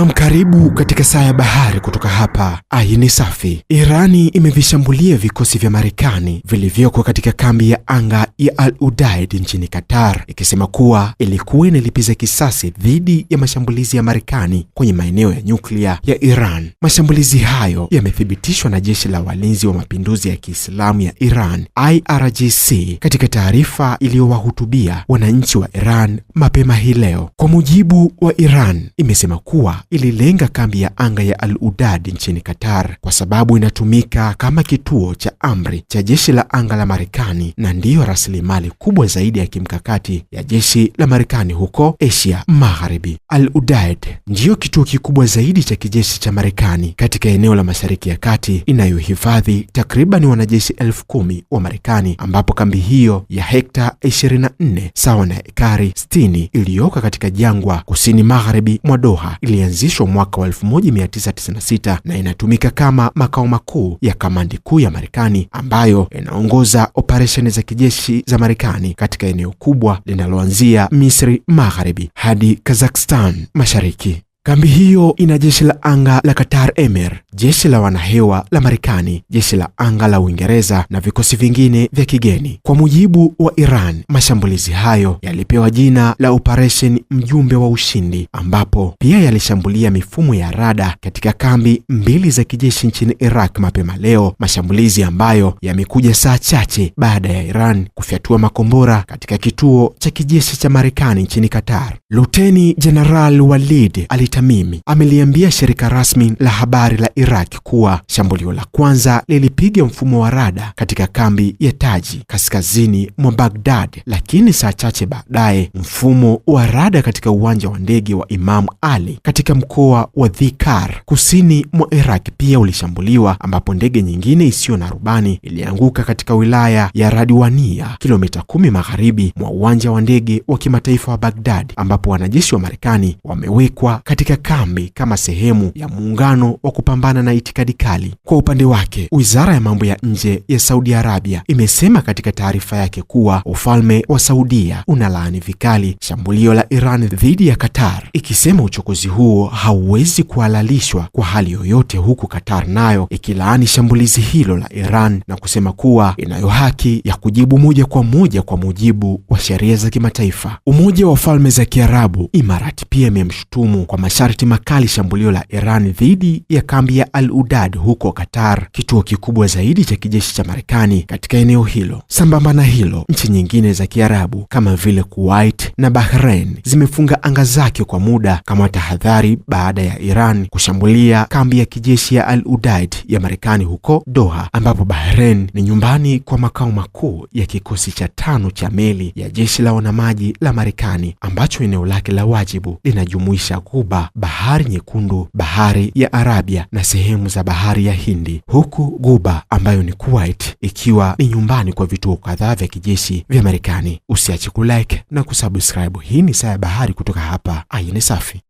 I'm Karibu katika saa ya bahari kutoka hapa Ayin Safi. Irani imevishambulia vikosi vya Marekani vilivyoko katika kambi ya anga ya Al Udeid nchini Qatar, ikisema kuwa ilikuwa inalipiza kisasi dhidi ya mashambulizi ya Marekani kwenye maeneo ya nyuklia ya Iran. Mashambulizi hayo yamethibitishwa na Jeshi la Walinzi wa Mapinduzi ya Kiislamu ya Iran IRGC katika taarifa iliyowahutubia wananchi wa Iran mapema hii leo. Kwa mujibu wa Iran, imesema kuwa ili walilenga kambi ya anga ya Al-Udad nchini Qatar kwa sababu inatumika kama kituo cha amri cha jeshi la anga la Marekani na ndiyo rasilimali kubwa zaidi ya kimkakati ya jeshi la Marekani huko Asia Magharibi. Al-Udad ndiyo kituo kikubwa zaidi cha kijeshi cha Marekani katika eneo la Mashariki ya Kati, inayohifadhi takriban wanajeshi elfu kumi wa Marekani, ambapo kambi hiyo ya hekta 24 sawa na ekari 60 iliyoko katika jangwa kusini magharibi mwa Doha ilianzishwa mwaka wa 1996 na inatumika kama makao makuu ya kamandi kuu ya Marekani ambayo inaongoza operesheni za kijeshi za Marekani katika eneo kubwa linaloanzia Misri Magharibi hadi Kazakhstan Mashariki. Kambi hiyo ina jeshi la anga la Qatar Emir jeshi la wanahewa la Marekani, jeshi la anga la Uingereza na vikosi vingine vya kigeni. Kwa mujibu wa Iran, mashambulizi hayo yalipewa jina la Operation Mjumbe wa Ushindi, ambapo pia yalishambulia mifumo ya rada katika kambi mbili za kijeshi nchini Iraq mapema leo, mashambulizi ambayo yamekuja saa chache baada ya Iran kufyatua makombora katika kituo cha kijeshi cha Marekani nchini Qatar. Luteni Jeneral Walid alitamimi ameliambia shirika rasmi la habari la Iraq kuwa shambulio la kwanza lilipiga mfumo wa rada katika kambi ya Taji kaskazini mwa Baghdad, lakini saa chache baadaye mfumo wa rada katika uwanja wa ndege wa Imam Ali katika mkoa wa Dhikar kusini mwa Iraq pia ulishambuliwa, ambapo ndege nyingine isiyo na rubani ilianguka katika wilaya ya Radwania, kilomita kumi magharibi mwa uwanja wa ndege wa kimataifa wa Baghdad, ambapo wanajeshi wa Marekani wamewekwa katika kambi kama sehemu ya muungano wa kupambana kupambana na itikadi kali. Kwa upande wake, wizara ya mambo ya nje ya Saudi Arabia imesema katika taarifa yake kuwa ufalme wa Saudia unalaani vikali shambulio la Iran dhidi ya Qatar, ikisema uchokozi huo hauwezi kuhalalishwa kwa hali yoyote, huku Qatar nayo ikilaani shambulizi hilo la Iran na kusema kuwa inayo haki ya kujibu moja kwa moja kwa mujibu wa sheria za kimataifa. Umoja wa Falme za Kiarabu, Imarati, pia imemshutumu kwa masharti makali shambulio la Iran dhidi ya kambi ya Al-Udad huko Qatar, kituo kikubwa zaidi cha kijeshi cha Marekani katika eneo hilo. Sambamba na hilo, nchi nyingine za Kiarabu kama vile Kuwait na Bahrain zimefunga anga zake kwa muda kama tahadhari baada ya Iran kushambulia kambi ya kijeshi ya Al-Udaid ya Marekani huko Doha, ambapo Bahrain ni nyumbani kwa makao makuu ya kikosi cha tano cha meli ya jeshi la wanamaji la Marekani ambacho eneo lake la wajibu linajumuisha Ghuba, Bahari Nyekundu, Bahari ya Arabia na sehemu za bahari ya Hindi, huku Guba ambayo ni Kuwait ikiwa ni nyumbani kwa vituo kadhaa vya kijeshi vya Marekani. Usiache kulike na kusubscribe. Hii ni Saa ya Bahari kutoka hapa Ayin Safi.